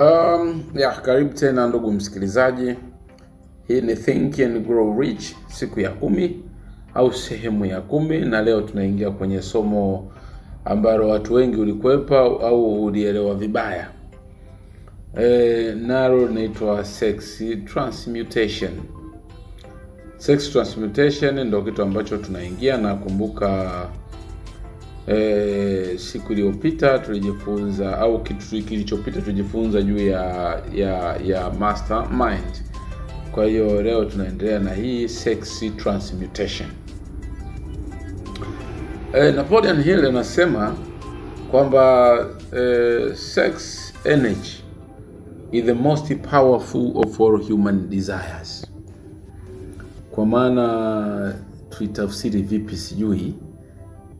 Um, ya karibu tena ndugu msikilizaji, hii ni Think and Grow Rich siku ya kumi au sehemu ya kumi, na leo tunaingia kwenye somo ambalo watu wengi ulikwepa au ulielewa vibaya e, nalo linaitwa sex transmutation. Sex transmutation ndio kitu ambacho tunaingia, na kumbuka E, siku iliyopita tulijifunza au kitu kilichopita tulijifunza juu ya ya ya mind. Kwa hiyo leo tunaendelea na hii sexy transmutation. E, Napoleon Hill anasema kwamba e, sex energy is the most powerful of all human desires. Kwa maana tuitafsiri vipi sijui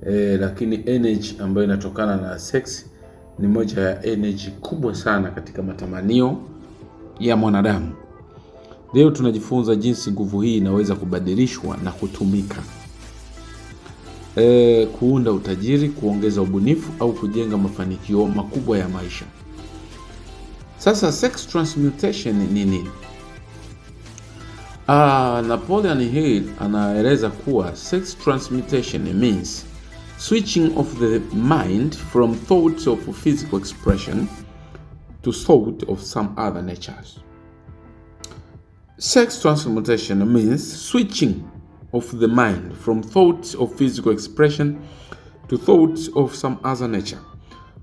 e, lakini energy ambayo inatokana na sex ni moja ya energy kubwa sana katika matamanio ya mwanadamu. Leo tunajifunza jinsi nguvu hii inaweza kubadilishwa na kutumika e, kuunda utajiri, kuongeza ubunifu au kujenga mafanikio makubwa ya maisha. Sasa sex transmutation ni nini? Ah, Napoleon Hill anaeleza kuwa sex transmutation means switching of the mind from thoughts of physical expression to thought of some other natures. Sex transmutation means switching of the mind from thoughts of physical expression to thoughts of some other nature.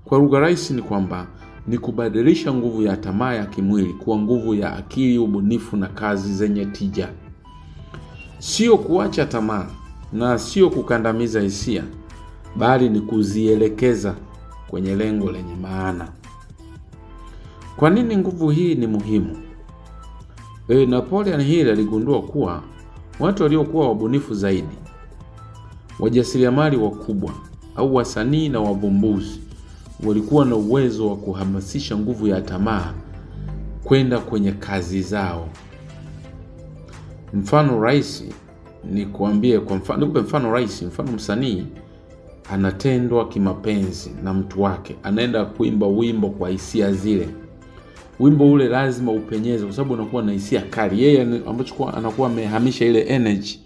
Kwa lugha rahisi ni kwamba ni kubadilisha nguvu ya tamaa ya kimwili kuwa nguvu ya akili, ubunifu na kazi zenye tija. Sio kuacha tamaa na sio kukandamiza hisia, bali ni kuzielekeza kwenye lengo lenye maana. Kwa nini nguvu hii ni muhimu? E, Napoleon Hill aligundua kuwa watu waliokuwa wabunifu zaidi, wajasiriamali wakubwa au wasanii na wavumbuzi walikuwa na uwezo wa kuhamasisha nguvu ya tamaa kwenda kwenye kazi zao. Mfano rahisi ni kuambie, kwa mfano nikupe mfano rahisi, mfano msanii anatendwa kimapenzi na mtu wake, anaenda kuimba wimbo kwa hisia zile. Wimbo ule lazima upenyeze, kwa sababu unakuwa na hisia kali. Yeye ambacho anakuwa amehamisha ile energy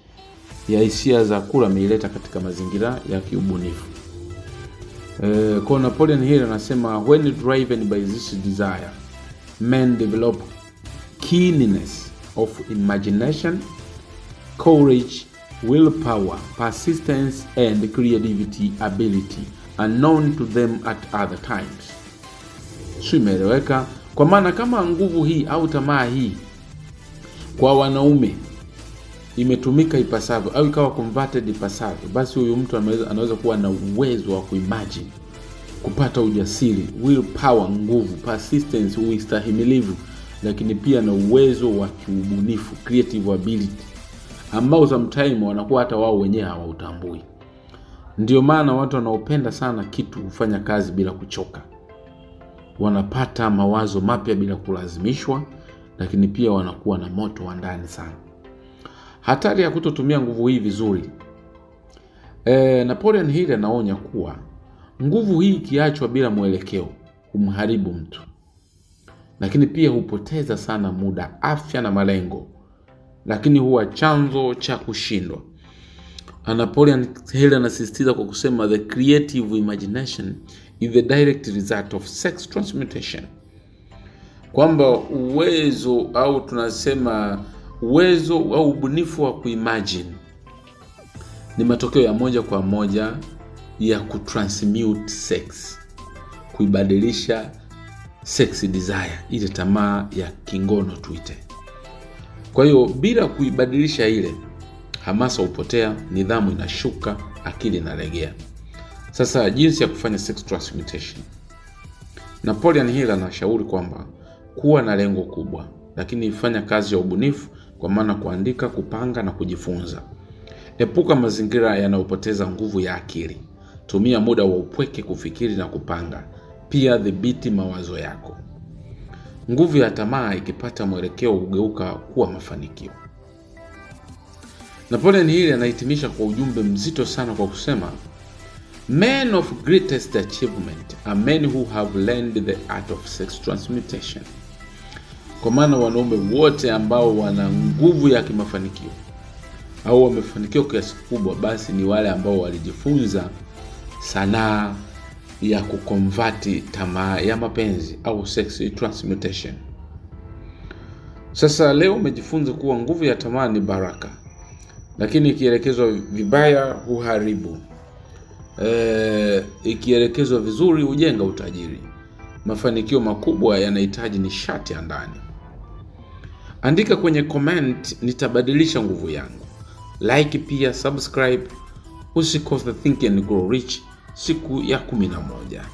ya hisia za kula, ameileta katika mazingira ya kiubunifu. Eh, kwa Napoleon Hill anasema when driven by this desire men develop keenness of imagination, courage willpower, persistence, and creativity ability unknown to them at other times. Si imeeleweka? Kwa maana kama nguvu hii au tamaa hii kwa wanaume imetumika ipasavyo au ikawa converted ipasavyo, basi huyu mtu anaweza, anaweza kuwa na uwezo wa kuimagine kupata ujasiri, willpower, nguvu, persistence, uistahimilivu, lakini pia na uwezo wa kiubunifu, creative ability ambao sometime wanakuwa hata wao wenyewe hawautambui. Ndio maana watu wanaopenda sana kitu hufanya kazi bila kuchoka, wanapata mawazo mapya bila kulazimishwa, lakini pia wanakuwa na moto wa ndani sana. Hatari ya kutotumia nguvu hii vizuri. E, Napoleon Hill anaonya kuwa nguvu hii ikiachwa bila mwelekeo humharibu mtu, lakini pia hupoteza sana muda, afya na malengo lakini huwa chanzo cha kushindwa. Napoleon Hill anasisitiza kwa kusema the creative imagination is the direct result of sex transmutation, kwamba uwezo au tunasema uwezo au ubunifu wa kuimagine ni matokeo ya moja kwa moja ya kutransmute sex, kuibadilisha sex desire, ile tamaa ya kingono tuite kwa hiyo bila kuibadilisha ile hamasa hupotea, nidhamu inashuka, akili inalegea. Sasa jinsi ya kufanya sex transmutation. Napoleon Hill anashauri kwamba kuwa na lengo kubwa, lakini fanya kazi ya ubunifu, kwa maana kuandika, kupanga na kujifunza. Epuka mazingira yanayopoteza nguvu ya akili. Tumia muda wa upweke kufikiri na kupanga. Pia dhibiti mawazo yako. Nguvu ya tamaa ikipata mwelekeo hugeuka kuwa mafanikio. Napoleon Hill anahitimisha kwa ujumbe mzito sana kwa kusema Men of greatest achievement are men who have learned the art of sex transmutation, kwa maana wanaume wote ambao wana nguvu ya kimafanikio au wamefanikiwa kiasi kubwa, basi ni wale ambao walijifunza sanaa ya kukonvati tamaa ya mapenzi au sex transmutation. Sasa leo umejifunza kuwa nguvu ya tamaa ni baraka, lakini ikielekezwa vibaya huharibu, e, ikielekezwa vizuri hujenga utajiri. Mafanikio makubwa yanahitaji nishati ya ndani. Andika kwenye comment nitabadilisha nguvu yangu. Like pia subscribe. Usikose Think and Grow Rich siku ya kumi na moja.